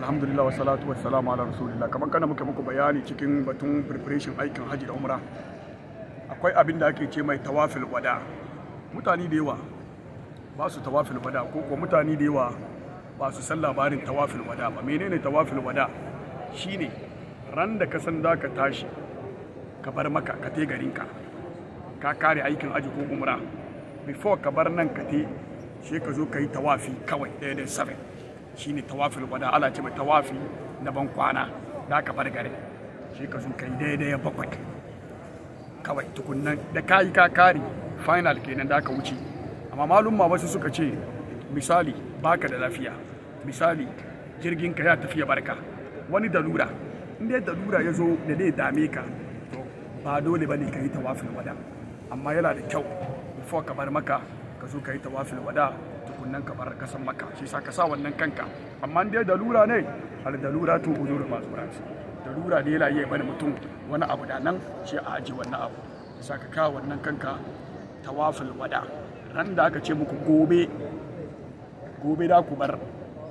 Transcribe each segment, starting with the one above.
alhamdulillah wa salatu wa salamu ala rasulillah kamar kana muke muku bayani cikin batun preparation aikin haji da umra akwai abin da ake ce mai tawafil wada mutane da yawa ba su tawafil wada ko ko mutane da yawa ba su san labarin tawafil wada ba menene tawafil wada shine ran da ka san da ka tashi ka bar maka ka te garinka ka kare aikin aji ko umra before ka bar nan ka te sai ka zo ka yi tawafi kawai ɗaya da sabai shine tawafil wada ala ce mai tawafi na ban kwana da ka bar gare shi ka kai daidai bakwai kawai tukunnan da kayi ka kare final kenan da ka wuce amma ma wasu suka ce misali baka da lafiya misali jirgin ka ya tafiya barka wani dalura in dai dalura ya zo da zai dame ka to ba dole bane ka yi tawafil wada amma yana da kyau before ka bar maka ka zo ka yi tawafil wada tukunnan ka bar kasan maka shi sa ka sa wannan kanka amma dai da lura ne har da lura to uzur masu ranci da lura ne la yayi bane mutum wani abu da nan shi a aji wannan abu sa ka kawo wannan kanka tawaful wada ran da aka ce muku gobe gobe da ku bar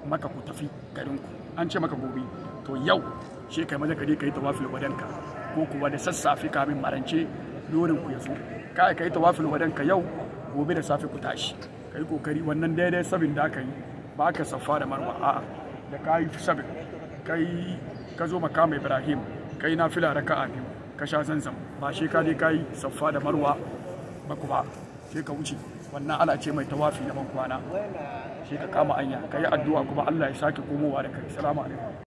maka ku tafi garin ku. an ce maka gobe to yau shi kai maza ka je kai tawaful wadanka ko kuwa da sassafe kamin marance lorin ku ya zo kai kai tawaful wadanka yau gobe da safe ku tashi ka yi kokari wannan daidai sabin da aka yi ba ka safa da marwa a'a da ka yi sabin kai ka zo makama ibrahim kai na fila raka a biyu ka sha zanzam ba shi ka je ka yi safa da marwa ba kuma sai ka wuce wannan ala ce mai tawafi na bankwana sai ka kama anya ka yi addu'a kuma allah ya sake komowa da kai salamu